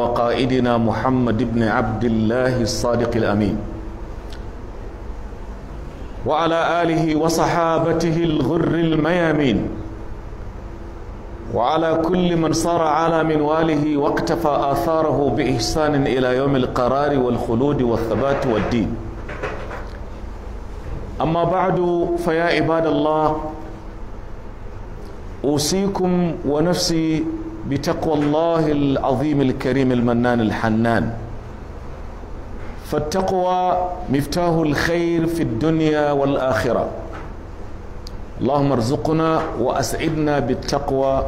وقائدنا محمد بن عبد الله الصادق الأمين وعلى آله وصحابته الغر الميامين وعلى كل من صار على منواله واقتفى آثاره بإحسان إلى يوم القرار والخلود والثبات والدين أما بعد فيا عباد الله أوصيكم ونفسي بتقوى الله العظيم الكريم المنان الحنان فالتقوى مفتاح الخير في الدنيا والآخرة اللهم ارزقنا وأسعدنا بالتقوى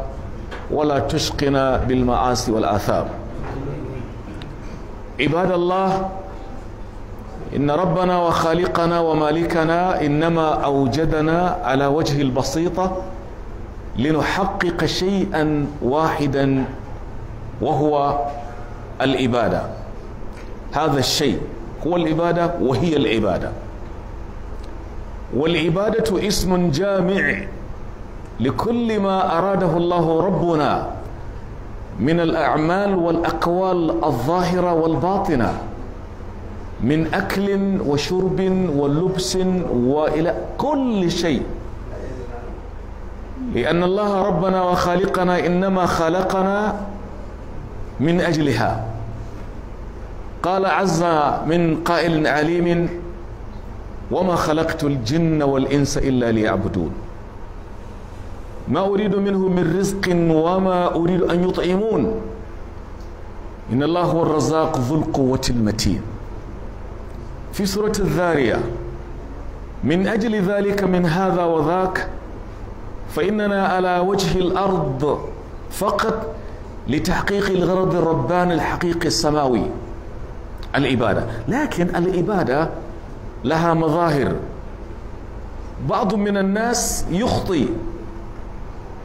ولا تشقنا بالمعاصي والآثام عباد الله إن ربنا وخالقنا ومالكنا إنما أوجدنا على وجه البسيطة لنحقق شيئا واحدا وهو الإبادة هذا الشيء هو الإبادة وهي العبادة والعبادة اسم جامع لكل ما أراده الله ربنا من الأعمال والأقوال الظاهرة والباطنة من أكل وشرب ولبس وإلى كل شيء لأن الله ربنا وخالقنا إنما خلقنا من أجلها قال عز من قائل عليم وما خلقت الجن والإنس إلا ليعبدون ما أريد منه من رزق وما أريد أن يطعمون إن الله هو الرزاق ذو القوة المتين في سورة الذارية من أجل ذلك من هذا وذاك فإننا على وجه الأرض فقط لتحقيق الغرض الرباني الحقيقي السماوي العبادة لكن العبادة لها مظاهر بعض من الناس يخطي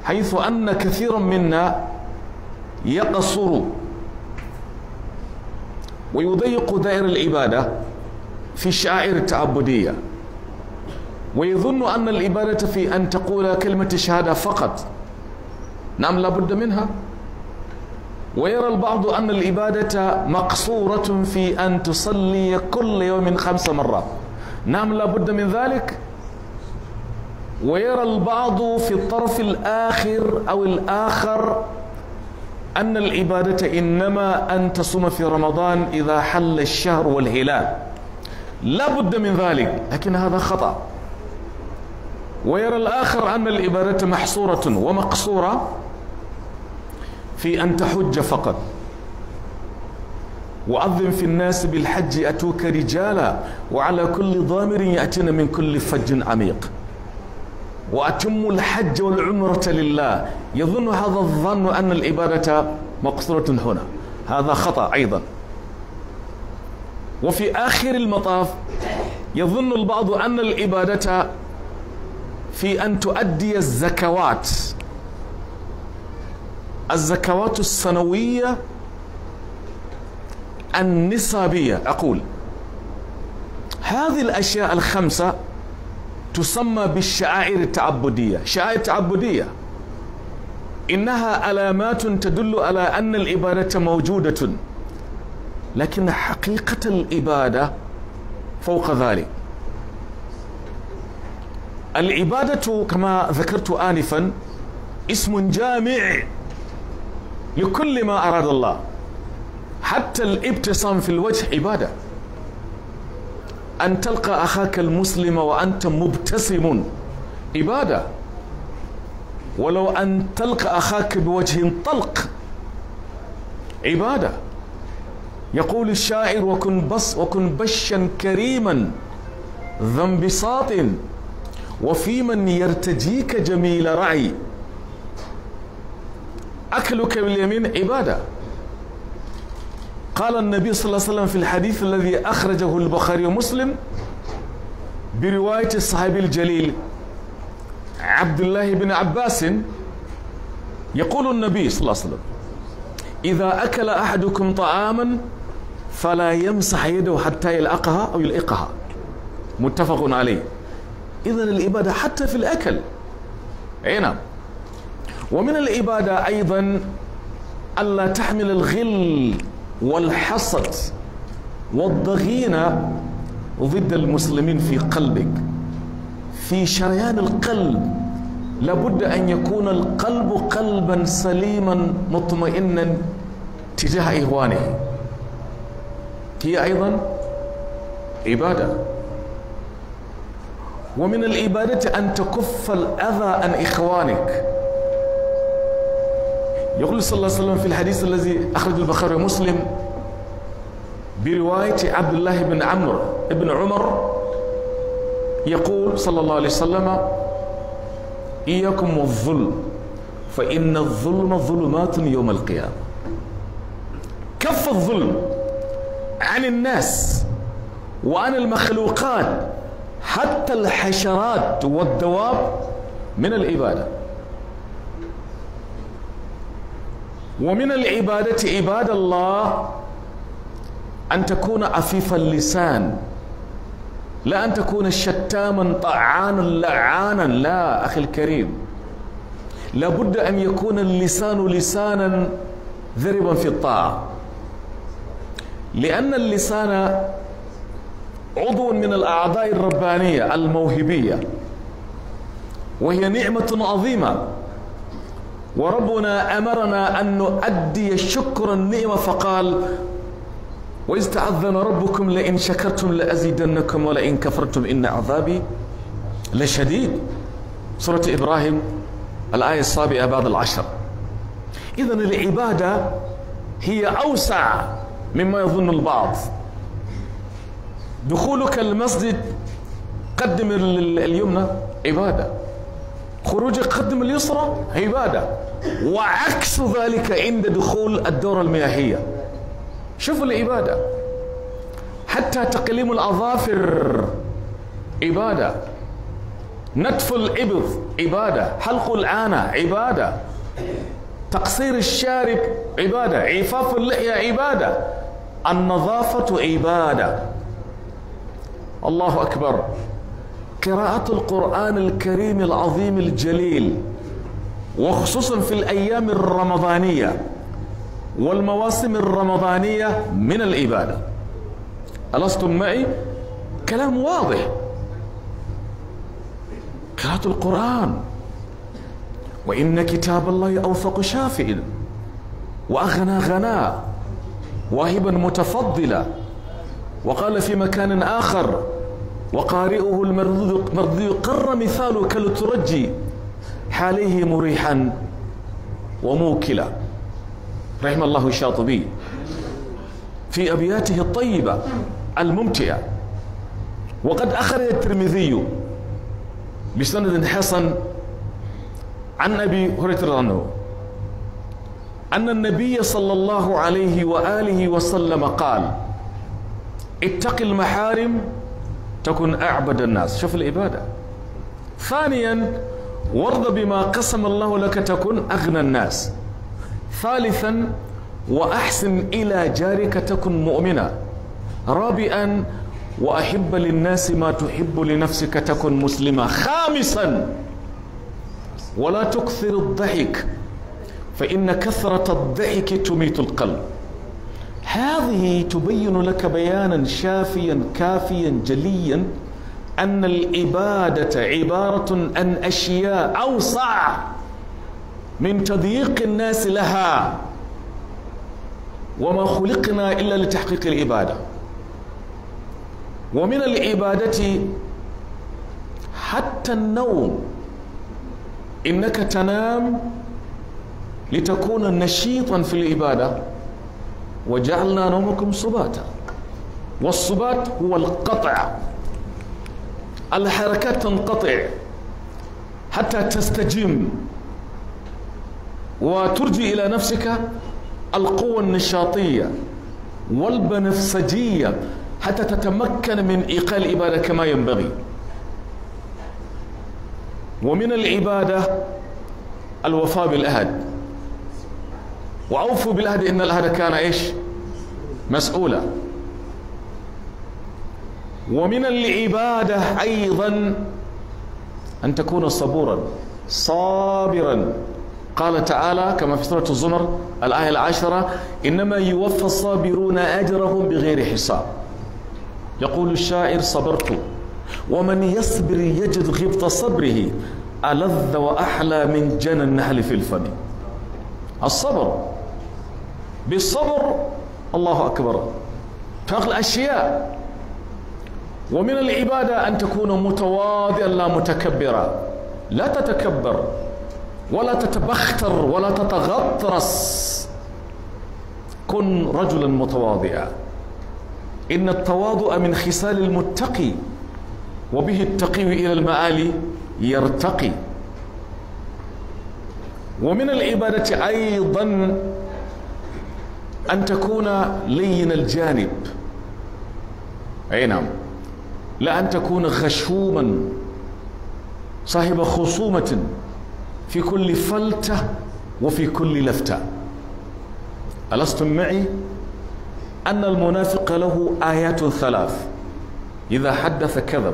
حيث أن كثيرا منا يقصر ويضيق دائر العبادة في الشعائر التعبدية ويظن أن الإبادة في أن تقول كلمة الشهادة فقط نعم لابد منها ويرى البعض أن الإبادة مقصورة في أن تصلي كل يوم خمس مرات نعم لابد من ذلك ويرى البعض في الطرف الآخر أو الآخر أن العبادة إنما أن تصوم في رمضان إذا حل الشهر والهلال لا بد من ذلك لكن هذا خطأ ويرى الآخر أن الإبادة محصورة ومقصورة في أن تحج فقط وأظم في الناس بالحج أتوك رجالا وعلى كل ضامر يأتينا من كل فج عميق وأتم الحج والعمرة لله يظن هذا الظن أن الإبادة مقصورة هنا هذا خطأ أيضا وفي آخر المطاف يظن البعض أن الإبادة في أن تؤدي الزكوات الزكوات السنوية النصابية أقول هذه الأشياء الخمسة تسمى بالشعائر التعبدية شعائر تعبدية إنها علامات تدل على أن العبادة موجودة لكن حقيقة العبادة فوق ذلك العبادة كما ذكرت آنفا اسم جامع لكل ما أراد الله حتى الابتسام في الوجه عبادة أن تلقى أخاك المسلم وأنت مبتسم عبادة ولو أن تلقى أخاك بوجه طلق عبادة يقول الشاعر وكن بص وكن بشا كريما ذا انبساط وفي من يرتجيك جميل رعي أكلك باليمين عبادة قال النبي صلى الله عليه وسلم في الحديث الذي أخرجه البخاري ومسلم برواية الصحابي الجليل عبد الله بن عباس يقول النبي صلى الله عليه وسلم إذا أكل أحدكم طعاما فلا يمسح يده حتى يلأقها أو يلأقها متفق عليه إذا الإبادة حتى في الأكل أي نعم ومن الإبادة أيضا ألا تحمل الغل والحسد والضغينة ضد المسلمين في قلبك في شريان القلب لابد أن يكون القلب قلبا سليما مطمئنا تجاه إخوانه هي أيضا عبادة ومن الإبادة أن تكف الأذى عن إخوانك يقول صلى الله عليه وسلم في الحديث الذي أخرج البخاري ومسلم برواية عبد الله بن عمرو بن عمر يقول صلى الله عليه وسلم إياكم والظلم فإن الظلم ظلمات يوم القيامة كف الظلم عن الناس وعن المخلوقات حتى الحشرات والدواب من العبادة ومن العبادة عباد الله أن تكون عفيف اللسان لا أن تكون شتاما طعانا لعانا لا أخي الكريم لابد أن يكون اللسان لسانا ذربا في الطاعة لأن اللسان عضو من الأعضاء الربانية الموهبية وهي نعمة عظيمة وربنا أمرنا أن نؤدي شكر النعمة فقال وإذ تعذن ربكم لئن شكرتم لأزيدنكم ولئن كفرتم إن عذابي لشديد سورة إبراهيم الآية السابعة بعد العشر إذا العبادة هي أوسع مما يظن البعض دخولك المسجد قدم اليمنى عبادة خروجك قدم اليسرى عبادة وعكس ذلك عند دخول الدورة المياهية شوف العبادة حتى تقليم الأظافر عبادة نتف الإبض عبادة حلق العانة عبادة تقصير الشارب عبادة عفاف اللحية عبادة النظافة عبادة الله أكبر قراءة القرآن الكريم العظيم الجليل وخصوصا في الأيام الرمضانية والمواسم الرمضانية من العبادة ألستم معي؟ كلام واضح قراءة القرآن وإن كتاب الله أوثق شافع وأغنى غناء واهبا متفضلا وقال في مكان آخر وقارئه المرضي قر مثالك لترجي حاليه مريحا وموكلا رحم الله الشاطبي في أبياته الطيبة الممتعة وقد أخرج الترمذي بسند حسن عن أبي هريرة عنه أن النبي صلى الله عليه وآله وسلم قال اتق المحارم تكن أعبد الناس شوف الإبادة ثانيا وارض بما قسم الله لك تكن أغنى الناس ثالثا وأحسن إلى جارك تكن مؤمنا رابعا وأحب للناس ما تحب لنفسك تكن مسلما خامسا ولا تكثر الضحك فإن كثرة الضحك تميت القلب هذه تبين لك بيانا شافيا كافيا جليا أن الإبادة عبارة عن أشياء أوسع من تضييق الناس لها وما خلقنا إلا لتحقيق الإبادة ومن الإبادة حتى النوم إنك تنام لتكون نشيطا في الإبادة وجعلنا نومكم سباتا والسبات هو القطع الحركات تنقطع حتى تستجم وترجي إلى نفسك القوة النشاطية والبنفسجية حتى تتمكن من إيقاع العبادة كما ينبغي ومن العبادة الوفاء بالاهد وأوفوا بالعهد إن العهد كان إيش مسؤولا ومن العبادة أيضا أن تكون صبورا صابرا قال تعالى كما في سورة الزمر الآية العاشرة إنما يوفى الصابرون أجرهم بغير حساب يقول الشاعر صبرت ومن يصبر يجد غبط صبره ألذ وأحلى من جنى النحل في الفم الصبر بالصبر الله أكبر فاق الأشياء ومن العبادة أن تكون متواضعا لا متكبرا لا تتكبر ولا تتبختر ولا تتغطرس كن رجلا متواضعا إن التواضع من خصال المتقي وبه التقي إلى المعالي يرتقي ومن العبادة أيضا أن تكون لين الجانب أي نعم لا أن تكون غشوما صاحب خصومة في كل فلتة وفي كل لفتة ألستم معي؟ أن المنافق له آيات ثلاث إذا حدث كذب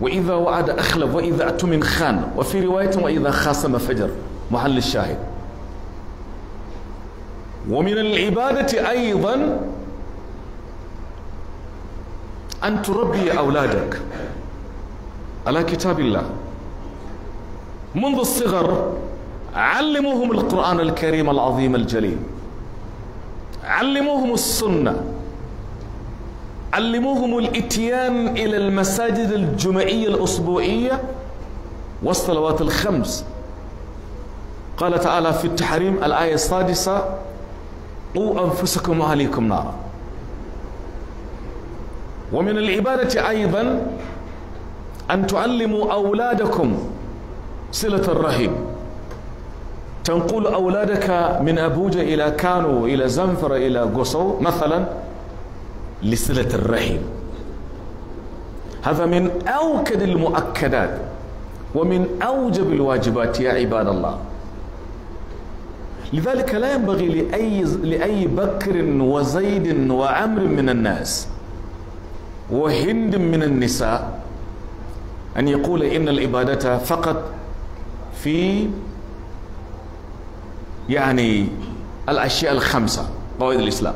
وإذا وعد أخلف وإذا أتمن خان وفي رواية وإذا خاصم فجر محل الشاهد ومن العبادة أيضا أن تربي أولادك على كتاب الله منذ الصغر علموهم القرآن الكريم العظيم الجليل علموهم السنة علموهم الاتيان إلى المساجد الجمعية الأسبوعية والصلوات الخمس قال تعالى في التحريم الآية السادسة قوا أنفسكم وأهليكم نارا ومن العبادة أيضا أن تعلموا أولادكم صلة الرحم تنقل أولادك من أبوجة إلى كانو إلى زنفر إلى قصو مثلا لصلة الرحم هذا من أوكد المؤكدات ومن أوجب الواجبات يا عباد الله لذلك لا ينبغي لأي, لأي بكر وزيد وعمر من الناس وهند من النساء أن يقول إن العبادة فقط في يعني الأشياء الخمسة قواعد الإسلام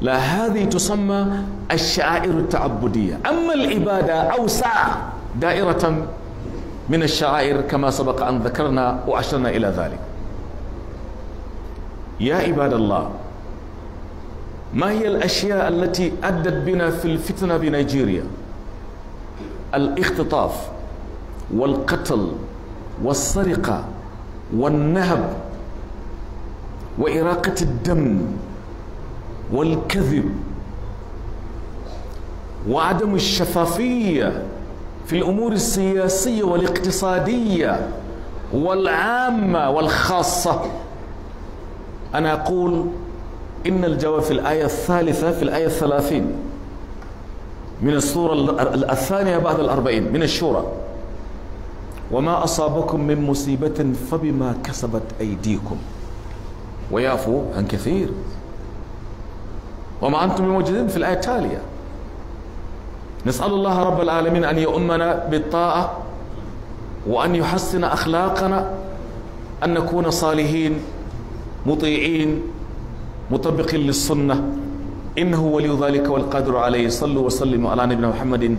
لا هذه تسمى الشعائر التعبدية أما العبادة أوسع دائرة من الشعائر كما سبق أن ذكرنا وأشرنا إلى ذلك يا عباد الله ما هي الأشياء التي أدت بنا في الفتنة بنيجيريا الاختطاف والقتل والسرقة والنهب وإراقة الدم والكذب وعدم الشفافية في الأمور السياسية والاقتصادية والعامة والخاصة أنا أقول إن الجواب في الآية الثالثة في الآية الثلاثين من السورة الثانية بعد الأربعين من الشورى وما أصابكم من مصيبة فبما كسبت أيديكم ويعفو عن كثير وما أنتم بموجودين في الآية التالية نسأل الله رب العالمين أن يؤمنا بالطاعة وأن يحسن أخلاقنا أن نكون صالحين مطيعين مطبقين للسنة إنه ولي ذلك والقادر عليه صلوا وسلموا على نبينا محمد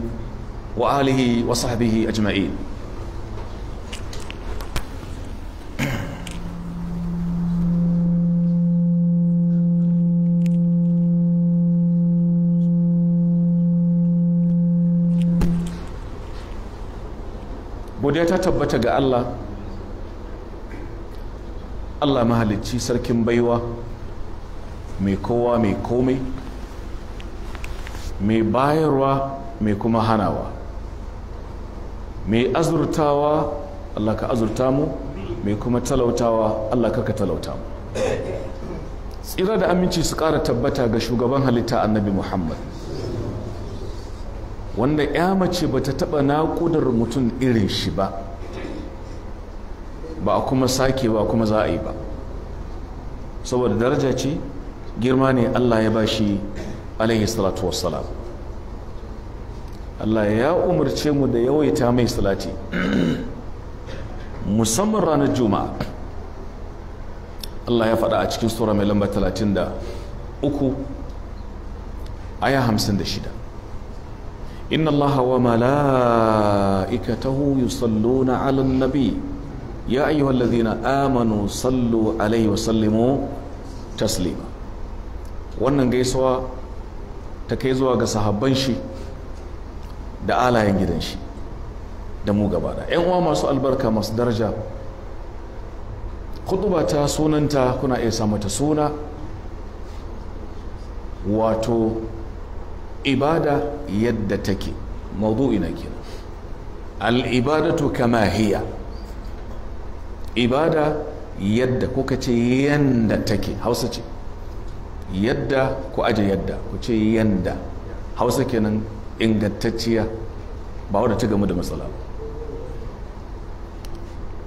وآله وصحبه أجمعين godiya ta tabbata ga Allah allah mahalicci sarkin baiwa mai kowa mai komai mai bayarwa mai kuma hanawa mai azurtawa allah ka azurta mu mai kuma talautawa allah ka ka talauta mu tsira da aminci su ƙara tabbata ga shugaban halitta annabi muhammad wanda ya mace ba ta taɓa naƙudar mutum irin shi ba ba a kuma sake ba kuma za a yi ba saboda daraja ce girma ne allah ya ba shi alaihi salatu wassalam allah ya umarce mu da yawaita mai salati musamman ranar juma'a allah ya faɗa a cikin sura mai lamba 33 aya 56 inna allaha wa mala'ikatahu yusalluna 'alan nabi ya ayyuhal na amanu sallu alaihi wa sallimu taslima wannan gaisuwa ta kai zuwa ga sahabban shi da alayen gidan shi da mu gaba da yan uwa masu albarka masu daraja kuduba ta sunanta kuna iya sa mata suna wato ibada yadda take ina kenan al ibadatu kama hiya ibada yadda kuka ce yanda take hausa ce yadda ku aje yadda ku ce yanda hausa kenan ingantacciya ba wadda ta gamu da matsala ba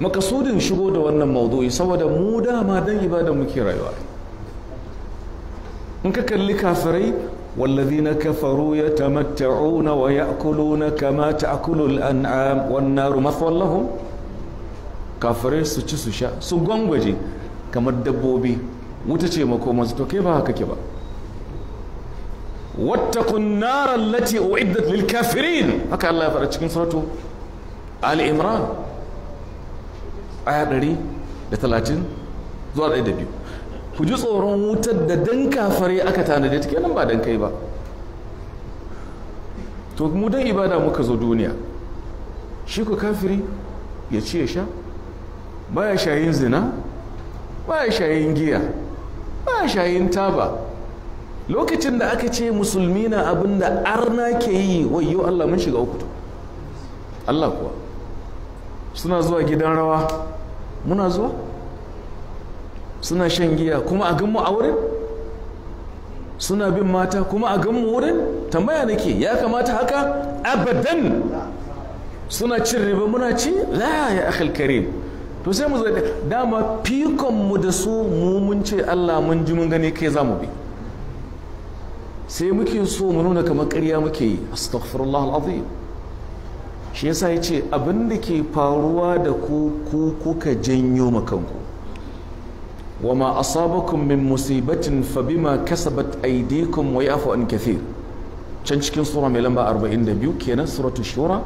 makasudin shigo da wannan maudu'i saboda mu dama don ibada muke rayuwa in ka kalli kafirai والذين كفروا يتمتعون ويأكلون كما تأكل الأنعام والنار مثوى لهم kafirai su ci su sha su gwangwaje kamar dabbobi wuta ce makomansu to kai ba haka ke ba wata narar lati uiddat lil kafirin haka Allah ya fara cikin suratu Ali Imran aya 130 zuwa 102 ku ji tsoron wutar da dan kafare aka tanade ta kenan ba dan kai ba to mu dan ibada muka zo duniya shi ku kafiri ya ci ya sha baya shayin zina baya shayin giya baya shayin taba lokacin da aka ce musulmi na abin da arna ke yi wayo Allah mun shiga uku Allah kuwa suna zuwa gidan rawa muna zuwa suna shan giya kuma a ganmu a wurin suna bin mata kuma a ganmu wurin tambaya nake ya kamata haka abadan suna cin riba muna ci la ya akhil karim to sai mu zo dama fikon mu da su mu mun ce Allah mun ji mun gani kai za mu bi sai muke so mu nuna kamar ƙarya muke yi astaghfirullah alazim shi yasa ya ce abin da ke faruwa da ku ku kuka janyo makanku wa ma asabakum min musibatin fa bima kasabat aydikum wa yafu an kathir can cikin sura mai lamba 42 kenan suratul shura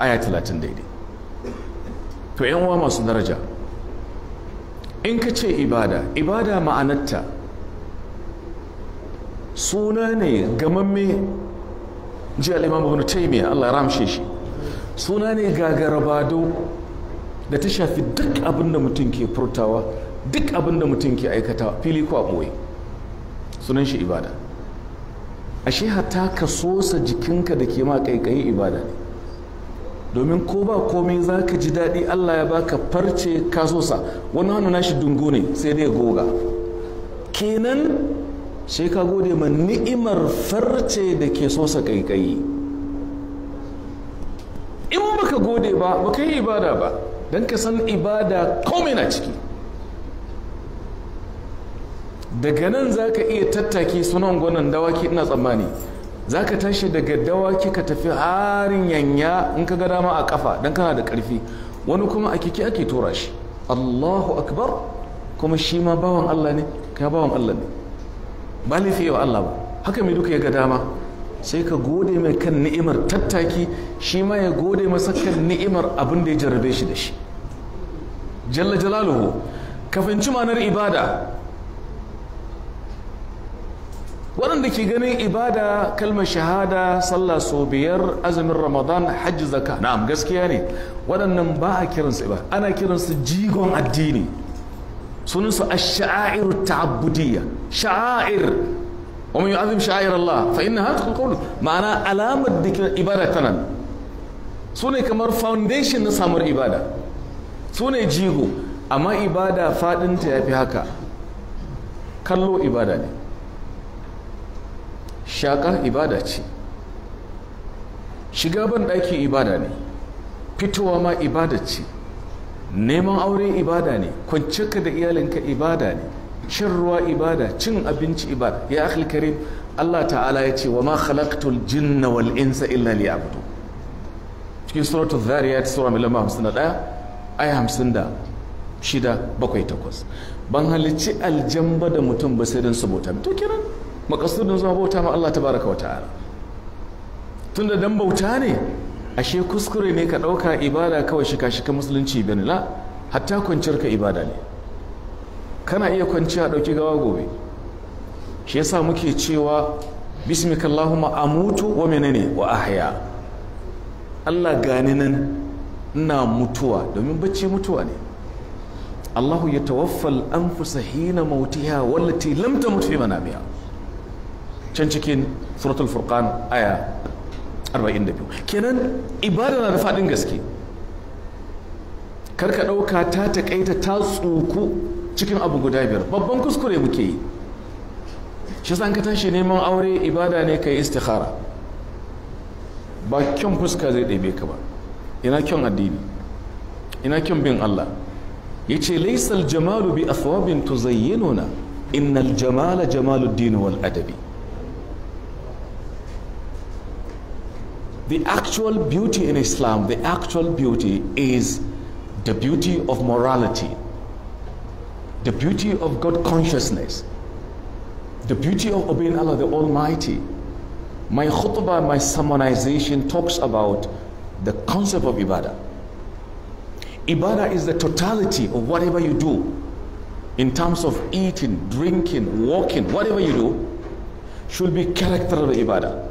aya 30 daidai to yan wa masu daraja in ka ce ibada ibada ma'anarta suna ne gamamme ji al'imam abu taymiya Allah ya ramshe shi suna ne gagarabado da ta shafi duk abin da mutum ke furtawa duk abin da mutum ke aikatawa fili ko a sunan shi ibada ashe hatta ka sosa jikinka da ke ma kaikayi ibada ne domin ko ba komai za ka ji daɗi allah ya baka farce kasosa wani hannu nashi dungu ne sai dai goga kenan sai ka gode ma ni'imar farce da ke sosa kaikayi in baka gode ba baka yi ibada ba don ka san ibada komai na ciki daga nan za ka iya tattaki sunan gwanon dawaki ina tsammani za ka tashi daga dawaki ka tafi harin yanya in ka ga dama a kafa don kana da karfi wani kuma a kike ake tura shi allahu akbar kuma shi ma bawan allah ne ka bawan allah ne ba laifi wa allah ba haka mai duka ya ga dama sai ka gode mai kan ni'imar tattaki shi ma ya gode masa kan ni'imar abin da ya jarabe shi da shi jalla jalaluhu ka fahimci ibada waɗanda ke ganin ibada kalmar shahada sallah so biyar azumin ramadan hajji zaka na gaskiya ne waɗannan ba a kiransu ibada ana kiransu jigon addini sunansu ash-sha'air ta'abbudiyya sha'air wa man yu'azzim sha'air Allah fa innaha taqul ma'ana alamar dikir ibada tana sune kamar foundation na samar ibada sune jigo amma ibada fadin ta yafi haka kallo ibada ne shaƙa ibada ce shiga ban ɗaki ibada ne fitowa ma ibada ce neman aure ibada ne kwanciyarka da iyalinka ibada ne cin ruwa ibada cin abinci ibada ya akhil karim Allah ta'ala ya ce wa ma khalaqtul jinna wal insa illa liya'budu cikin suratul zariyat sura mai lamba 51 aya 56 bakwai takwas ban halicci aljamba da mutum ba sai don su bauta to kiran makasudin zuwa bauta ma Allah ta wata wa tun tunda dan bauta ne ashe kuskure ne ka ɗauka ibada kawai shika shika musulunci bin la hatta kwanciyar ka ibada ne kana iya kwanciya ɗauki gawa gobe shi yasa muke cewa bismika Allahumma amutu wa menene wa ahya Allah gani nan ina mutuwa domin bacci mutuwa ne Allahu ya tawaffal anfusa hina mautiha wallati lam tamut fi manamiha can cikin suratul furqan aya 42 kenan ibada na da faɗin gaske karka ɗauka ta taƙaita ta tsuku cikin abu guda biyar babban kuskure muke yi shi san ka tashi neman aure ibada ne ka yi istikhara ba kyan fuska zai ɗebe ka ba ina kyan addini ina kyan bin Allah ya ce laisal jamalu bi athwabin tuzayyinuna innal jamala jamaluddin wal adabi The actual beauty in Islam, the actual beauty is the beauty of morality, the beauty of God consciousness, the beauty of obeying Allah the Almighty. My khutbah, my sermonization, talks about the concept of ibadah. Ibadah is the totality of whatever you do in terms of eating, drinking, walking, whatever you do should be character of ibadah.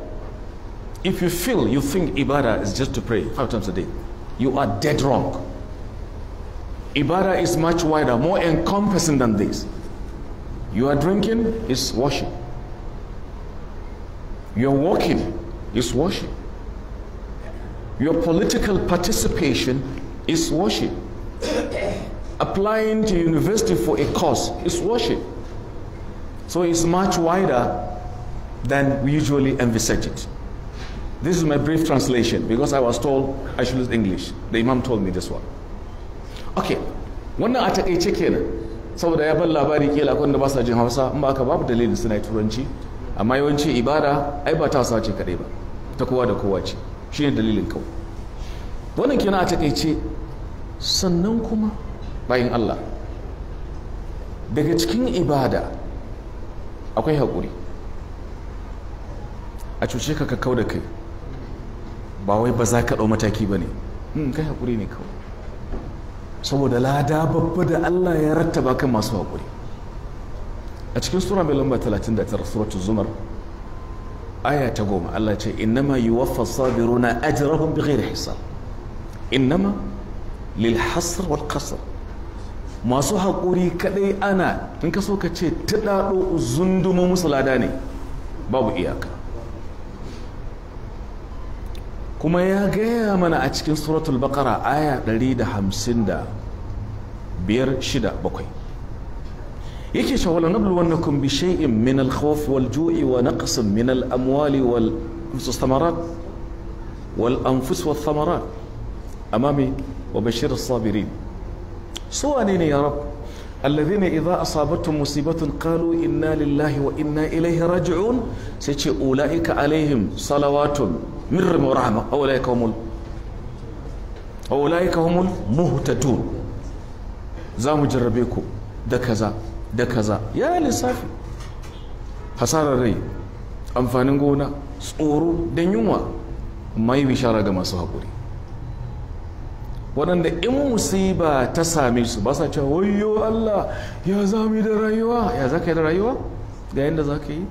If you feel you think ibadah is just to pray five times a day, you are dead wrong. Ibadah is much wider, more encompassing than this. You are drinking is washing. are walking is washing. Your political participation is washing. Applying to university for a course is washing. So it's much wider than we usually envisage it. This is my brief translation because I was told I should use English. The Imam told me this one. Okay, wannan a takaice kenan saboda ya bar labari kila akwai da ba sa jin Hausa in ba ka babu dalilin suna yi turanci amma yawanci ibada ai ba ta sace kadai ba ta kowa da kowa ce shi ne dalilin kawo wannan kenan a takaice sannan kuma bayan Allah daga cikin ibada akwai haƙuri a cuce ka ka kau da kai ba wai ba za ka ɗau mataki ba ne hmm, kai haƙuri ne kawai saboda lada babba da Allah ya rattaba kan masu haƙuri a cikin sura mai lamba 39 suratul zumar aya ta goma Allah ce innama yuwaffa sabiruna ajrahum bighairi hisab innama lil hasr wal qasr masu haƙuri kadai ana in ka so ka ce tudado zundumo musu lada ne babu iyaka kuma ya gaya mana a cikin suratul baqara aya 157 yake cewa wala nablu wannakum bi shay'in min al-khawf wal-ju'i wa naqsin min al-amwali wal-thamarat wal-anfus wath-thamarat amami wa bashir as-sabirin suwane ne ya rab alladhina idha asabatum musibatun qalu inna lillahi wa inna ilayhi raji'un sai ce ulaika alaihim salawatun min rahimu rahama aulaika humul aulaika humul muhtadun za mu jarrabe ku da kaza da kaza ya lissafi hasarar rai amfanin gona tsoro don yunwa mai bishara ga masu haƙuri waɗanda in musiba ta same su ba sa cewa wayo Allah ya zami da rayuwa ya za ka yi da rayuwa ga yadda za ka yi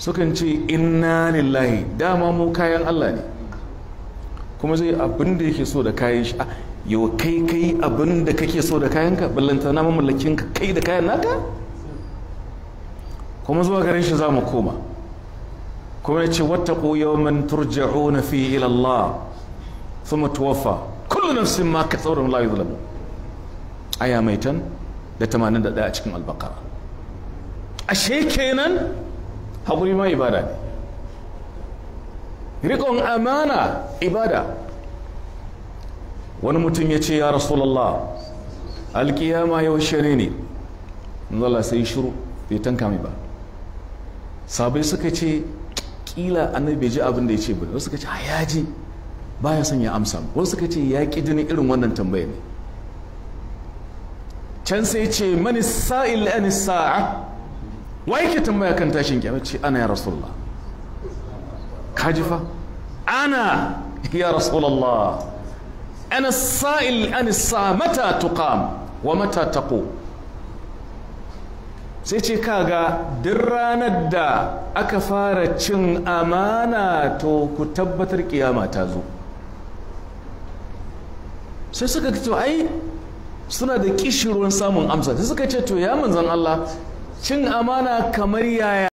sukan ce inna lillahi dama mu kayan Allah ne kuma zai abin da yake so da kayan shi ah, yau kai kai abin da kake so da kayanka ballanta na mamallakin ka kai da kayan naka kuma zuwa garin shi za mu koma kuma ya ce wattaqu yawman na fi ila su thumma tuwaffa kullu nafsin ma kasabat la yuzlamu aya mai maitan da 81 a cikin al ashe kenan haƙuri ma ibada ne riƙon amana ibada wani mutum ya ce ya rasulallah alƙiyama yau shere ne zala sai shiru bai tanka mai ba sabai suka ce kila annabi bai ji abin da ya ce bane wasu suka ce a ya ji baya son ya amsa wasu suka ce ya ƙi jini irin wannan tambaya ne can sai ce mani sa'il wai ke tambaya kan tashin kiyama ana ya rasulullah kaji fa ana ya rasulullah ana sa'il an sa mata tuqam wa mata taqu sai ce kaga duk ranar da aka fara cin amana to ku tabbatar kiyama ta zo sai suka ce ai suna da kishirwan samun amsa sai suka ce to ya manzon Allah cin amana kamar yaya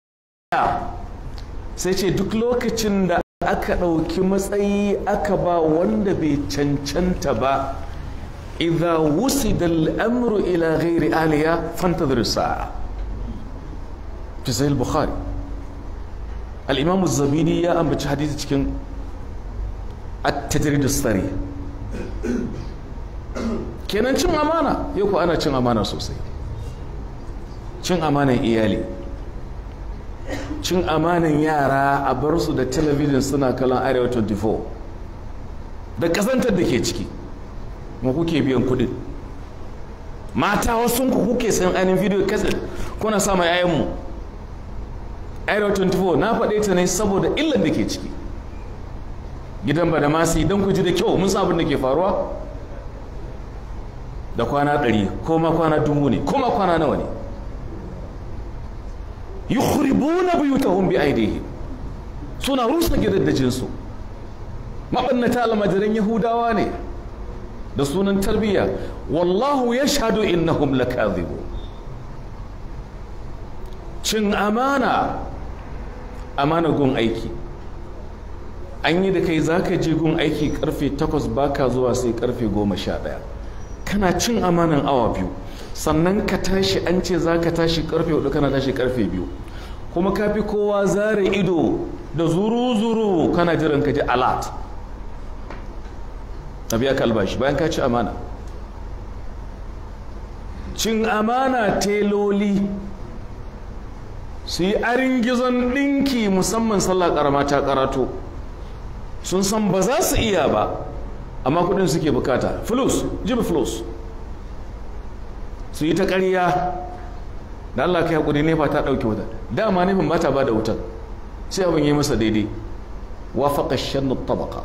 sai ce duk lokacin da aka ɗauki matsayi aka ba wanda bai cancanta ba idha da al'amru ila ghairi aliya fantadhir sa'a fi sahih bukhari al ya ambaci hadisi cikin at kenan cin amana yau ko ana cin amana sosai cin amanan iyali cin amanan yara a bar su da telebijin suna kalan arewa 24 da kasantar da ke ciki ma kuke biyan kudin mata wasu ku kuke sayan ainihin video kasar kuna sa mai ayyanmu arewa 24 na faɗe ta ne saboda illan da ke ciki gidan ba da masu idan ku ji da kyau mun sabon da ke faruwa da kwana ɗari ko ma kwana dubu ne ko ma kwana nawa ne yukhribuna buyutahum bi aidihim suna rusa gidaddajin su mabannata almajiran yahudawa ne da sunan tarbiyya wallahu yashhadu innahum lakadhibu cin amana amana gun aiki an yi da kai zaka je gun aiki karfe 8 baka zuwa sai karfe 11 kana cin amanan awa biyu sannan ka tashi an ce za ka tashi karfe hudu kana tashi karfe biyu kuma ka fi kowa zare ido da zuru-zuru kana jiran ka ji alat na biya ka bayan ka ci amana cin amana teloli su yi gizon dinki musamman sallah karama ta karato sun san ba za su iya ba amma kudin suke bukata flus jibi flus su yi ta ƙarya da Allah kai hakuri ne ba ta ɗauke wuta dama nufin ba ta ba da wutar sai abin yi masa daidai wa faƙa shannu tabaka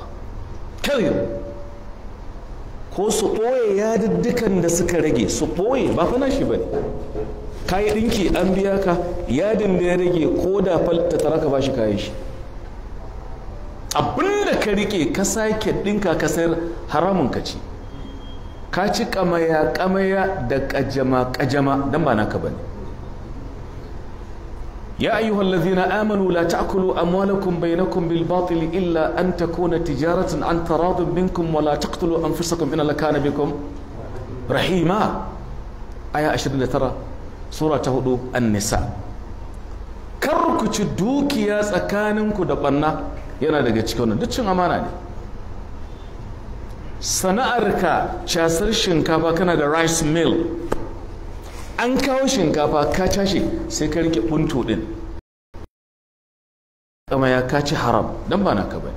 kawai ko su ɓoye yadiddikan da suka rage su ɓoye ba fa nashi ba ne kayi ɗinki an biya ka yadin da ya rage ko da falta tara ka bashi kayan shi abinda ka rike ka sake ɗinka ka sayar haramun ka ce. ka ci kamaya kamaya da kajama kajama dan ba naka bane ya ayyuhal ladhina amanu la ta'kulu amwalakum bainakum bil batil illa an takuna tijaratin an taradun minkum wa la taqtulu anfusakum inna lakana bikum rahima aya 29 sura ta hudu an-nisa kar ku ci dukiya tsakaninku da ɓanna yana daga cikin wani duk cin amana ne sana'arka casar shinkafa kana da rice mill an kawo shinkafa ka cashe sai ka rike buntu ɗin kama ya kaci haram don ba ka bane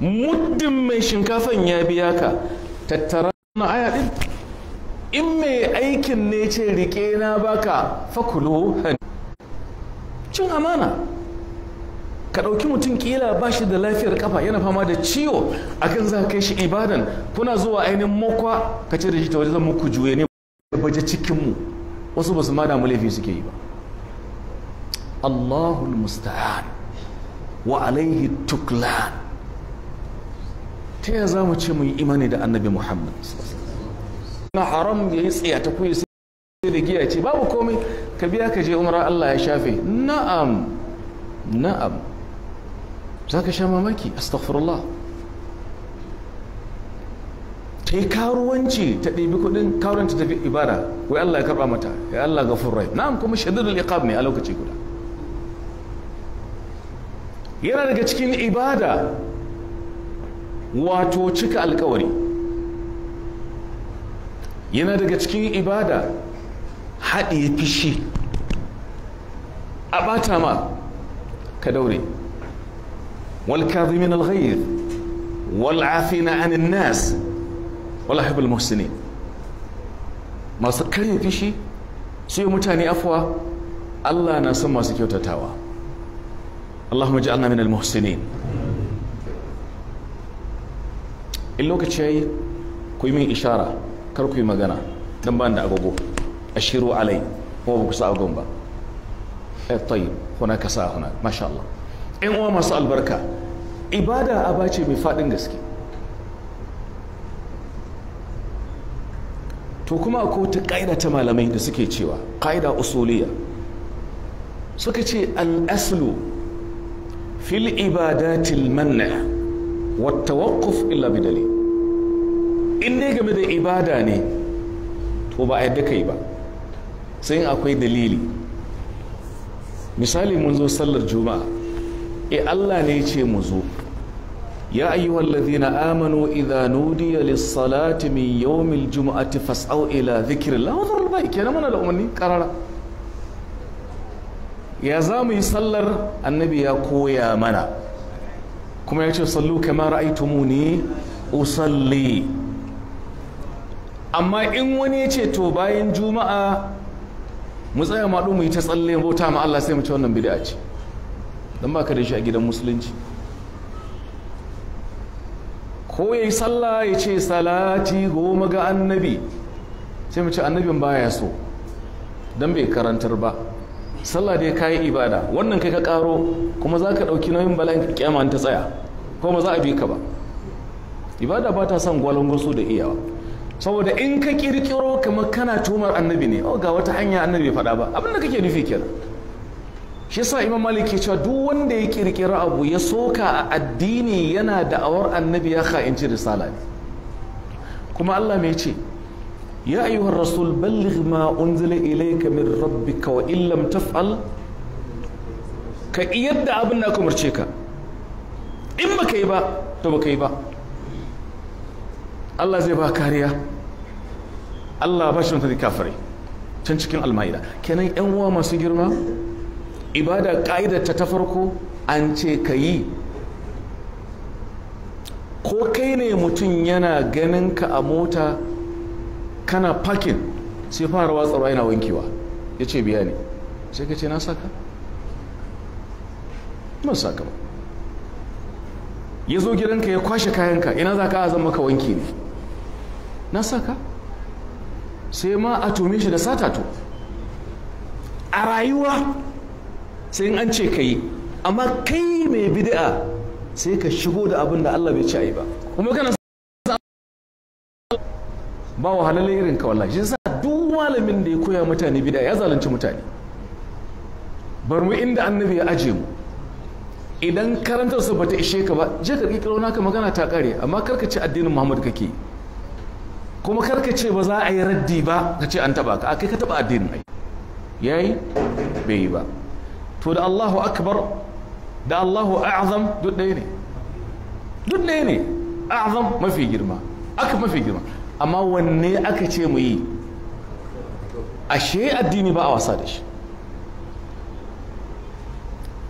muddin mai shinkafan ya biya ka tattara na aya in mai aikin ne ce rike na baka fakulu cin amana ka ɗauki mutum kila ba shi da lafiyar kafa yana fama da ciwo akan za kai shi ibadan kuna zuwa ainihin mokwa ka ce da shi ta waje zan muku juye ne baje cikinmu wasu ba su ma damu laifi suke yi ba Allahul musta'an wa alaihi tuklan ta za mu ce mu yi imani da annabi muhammad na haram ya yi tsaya ta kuyi sai da giya ce babu komai ka biya ka je umara allah ya shafe na'am na'am za ka sha mamaki astaghfirullah ta yi karuwanci ta ɗebi kuɗin kawon ta tafi ibada wai Allah ya karɓa mata ya Allah gafur rai na'am kuma shadidul iqab ne a lokaci guda yana daga cikin ibada wato cika alkawari yana daga cikin ibada haɗe fishi a ɓata ma ka daure والكاظمين الغيظ والعافين عن الناس wala haibul muhsini masu karya fishi su yi mutane afuwa Allah na son masu kyautatawa Allahumma ja'alna minal muhsinin in lokaci yayi ku yi min ishara kar ku yi magana dan ban da agogo ashiru alai a ba ku sa masha Allah yan uwa masu albarka ibada aba ce mai faɗin gaske to kuma akwai wata ƙa'ida ta malamai da suke cewa ƙa'ida usuliya suka ce al'aslu fil ibadatil manna wata waƙuf illa bidali in dai game da ibada ne to ba a yadda kai ba sai akwai dalili misali mun zo sallar juma'a e Allah ne ce mu zo ya ayyuhal na amanu idha nudiya lis-salati min yawmil jum'ati fas'au ila dhikrillah wa dharul bai kenan mana al'ummi karara? ya za mu yi sallar annabi ya koya mana kuma ya ce sallu kama ne, usalli amma in wani ya ce to bayan juma'a mu tsaya maɗu mu yi ta tsalle bauta ma Allah sai mu ci wannan bid'a ce don ba ka da shi a gidan musulunci ko ya yi sallah ya ce salati goma ga annabi sai mace ce annabin baya so don bai karantar ba sallah dai kayi ibada wannan kai ka karo kuma za ka ɗauki nauyin bala'in kyama ta tsaya kuma za a bi ka ba ibada ba ta son gwalangwaso da iyawa saboda in ka kirkiro kamar kana tumar annabi ne oh, ga wata hanya annabi faɗa ba abin abinda kake nufi kenan shi yasa imam malik ke cewa duk wanda ya kirkira abu ya soka a addini yana da'awar annabi ya kha'inci risala ne kuma Allah mai ce ya ayyuhar rasul balligh ma unzila ilayka min rabbika wa illam taf'al ka yadda abin na kumarce ka in baka yi ba to baka yi ba Allah zai ba kariya Allah ba shi mutane kafirai can cikin almaida kenan yan uwa masu girma ibada ka'ida ta ta farko an ce ka yi ko kai ne mutum yana ganin ka a mota kana fakin sai fara watsarwa yana wankewa ya ce biya ne sai ka ce na saka ban saka ba ya zo gidanka ya kwashe kayanka ina za ka azan maka wanki ne na saka sai ma a tome shi da sata to a rayuwa sai an ce ka yi amma kai mai bid'a sai ka shigo da abin da Allah bai ci a yi ba kuma kana ba wa wahalalai irin ka wallahi shi duk malamin da ya koya mutane bid'a ya zalunci mutane bar mu inda annabi ya aje mu idan karantar su bata ishe ka ba je ka kikiro naka magana ta kare amma kar ka ci addinin Muhammad kake kuma karka ce ba za a yi raddi ba ka ce an taba ka kai ka taba addinin ai yayi bai yi ba to da Allahu akbar da Allahu a'zam duk ɗaya ne duk ɗaya ne a'zam mafi girma aka mafi girma amma wanne aka ce mu yi ashe addini ba a wasa da shi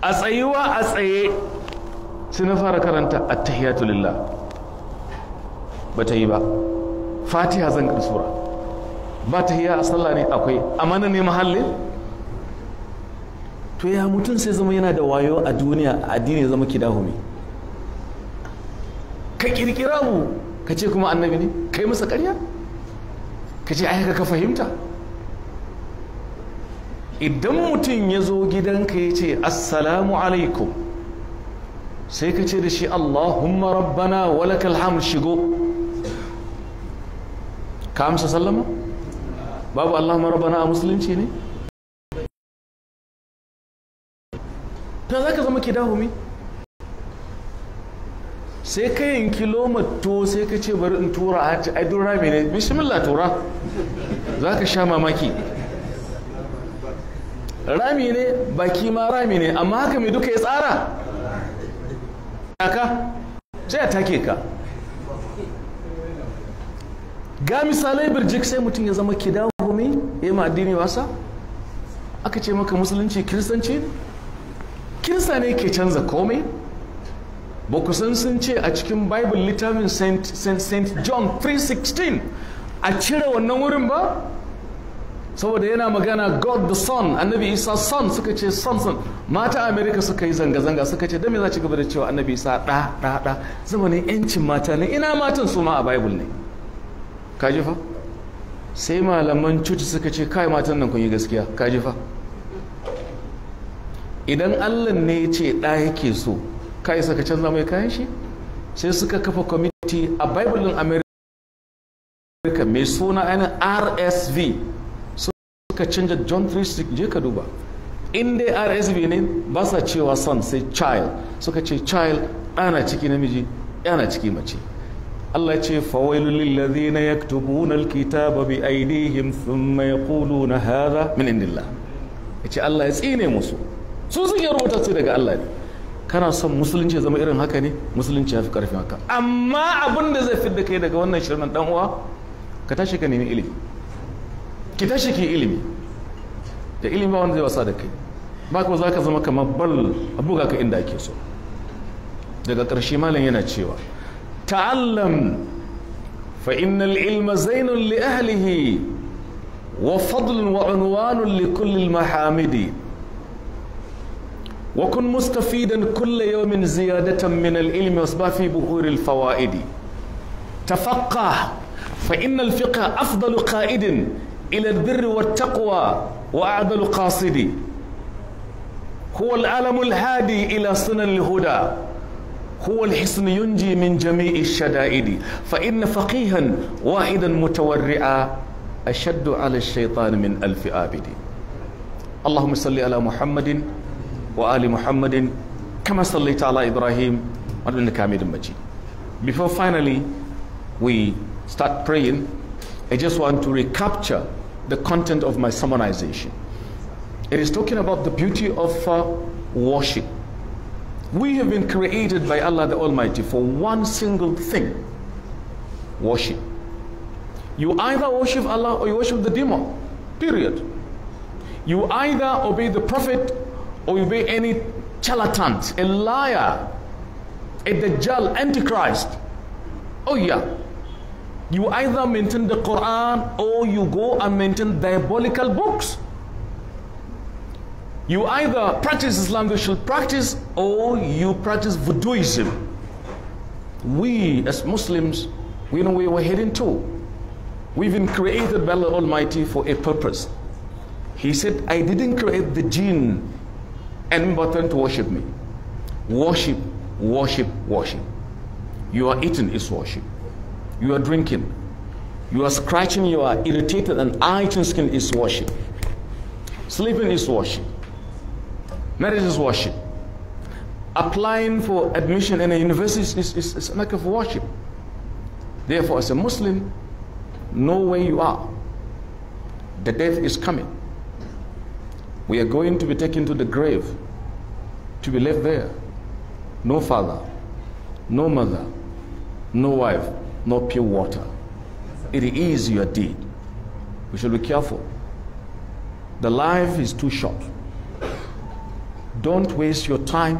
a tsayuwa a tsaye sai na fara karanta attahiyatu lillah ba ta yi ba fatiha zan sura ba ta hiya a sallah ne akwai amana ne mahallin to ya mutum sai zama yana da wayo a duniya addini zama kidahumi ka kirkira mu ka ce kuma annabi ne kai masa karya ka ce ai ka fahimta idan mutum ya zo gidanka ya ce assalamu alaikum sai ka ce da shi allahumma rabbana walaka hamd shigo ka amsa sallama babu allahumma rabbana a musulunci ne ta za ka zama ke dahumi sai ka yin loma to sai ka ce bari in tura a ci duk rami ne bishimila tura za ka sha mamaki rami ne baki ma rami ne amma haka mai duka ya tsara ka sai a take ka ga misalai birjik sai mutum ya zama dahumi ya yi ma addini wasa aka ce maka musulunci kiristanci ne kinsa ne ke canza komai ba ku san sun ce a cikin bible littafin st john 3:16 a cire wannan wurin ba saboda yana magana god the son annabi isa son suka ce son son mata america suka yi zanga-zanga suka ce dame za ci gaba da cewa annabi isa ɗa ɗa ɗa zama ne yancin mata ne ina matan su ma a bible ne ka fa sai malaman cuci suka ce kai matan nan kun yi gaskiya ka fa idan allah ne ya ce ɗa yake so ka isa ka canza mai kayan shi sai suka kafa kwamiti a bible america mai suna ainihin rsv suka canza john 3 je ka duba in dai rsv ne ba sa cewa son sai child suka ce child ɗana ciki namiji yana ciki mace Allah ce fawailu lillazina yaktubuna ba bi mai kulu na hadha min indillah ce Allah ya tsine musu su sun rubuta su daga Allah ne kana son musulunci ya zama irin haka ne musulunci ya fi ƙarfin haka amma abin da zai fidda kai daga wannan shirin dan uwa ka tashi ka nemi ilimi ki tashi ki ilimi da ilimi ba wanda zai wasa da kai ba za ka zama kamar bal abuga ka inda ake so daga ƙarshe malam yana cewa ta'allam fa innal ilma zainun li ahlihi wa fadlun wa unwanun li kulli mahamidi وكن مستفيدا كل يوم زيادة من العلم واصبح في بحور الفوائد تفقه فإن الفقه أفضل قائد إلى البر والتقوى وأعدل قاصد هو العالم الهادي إلى سنن الهدى هو الحصن ينجي من جميع الشدائد فإن فقيها واحدا متورعا أشد على الشيطان من ألف آبد اللهم صل على محمد وآل محمد كما صليت على إبراهيم وإنك حميد مجيد Before finally we start praying, I just want to recapture the content of my sermonization. It is talking about the beauty of uh, worship. We have been created by Allah the Almighty for one single thing worship. You either worship Allah or you worship the demon, period. You either obey the Prophet or obey any charlatan, a liar, a dajjal, antichrist. Oh yeah. You either maintain the Quran or you go and maintain diabolical books. You either practice Islam you should practice or you practice voodooism. We as Muslims, we know where we're heading to. We've been created by Allah Almighty for a purpose. He said, I didn't create the jinn and button to worship me. Worship, worship, worship. You are eating is worship. You are drinking. You are scratching, you are irritated, and itching skin is worship. Sleeping is worship. Marriage is worship. Applying for admission in a university is, is, is an act of worship. Therefore, as a Muslim, know where you are. The death is coming. We are going to be taken to the grave, to be left there. No father, no mother, no wife, no pure water. It is your deed. We should be careful. The life is too short. Don't waste your time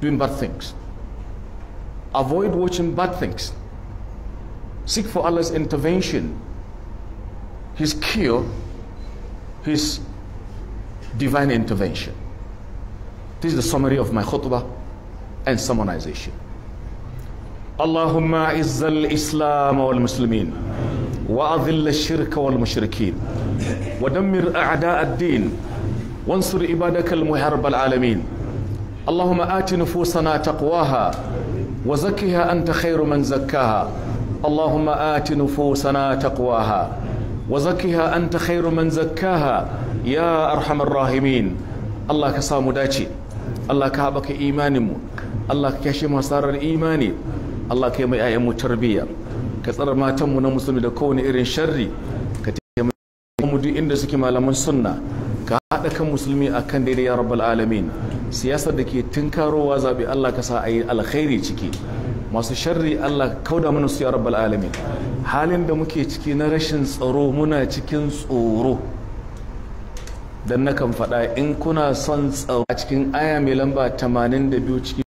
doing bad things. Avoid watching bad things. Seek for Allah's intervention, His cure, His divine intervention. This is the summary of my khutbah and summarization. Allahumma izzal Islam wal Muslimin wa adhill ash-shirka wal mushrikeen wa dammir a'da' ad-din وانصر عبادك المحارب العالمين اللهم آت نفوسنا تقواها وزكها أنت خير من زكاها اللهم آت نفوسنا تقواها وزكها أنت خير من زكاها ya arhamar rahimin Allah ka samu dace Allah ka haɓaka imaninmu Allah ka kashe masarar imani Allah ka yi mai ayyanmu tarbiyya ka tsara matanmu na musulmi da kowane irin sharri ka taimaka mu duk inda suke malaman sunna ka haɗa kan musulmi akan daidai ya rabbal alamin siyasar da ke tunkarowa zaɓe Allah ka sa a yi alkhairi ciki masu sharri Allah kauda mana su ya rabbal alamin halin da muke ciki na rashin tsaro muna cikin tsoro don nakan faɗa in kuna son tsawo. a cikin aya mai lamba 82 cikin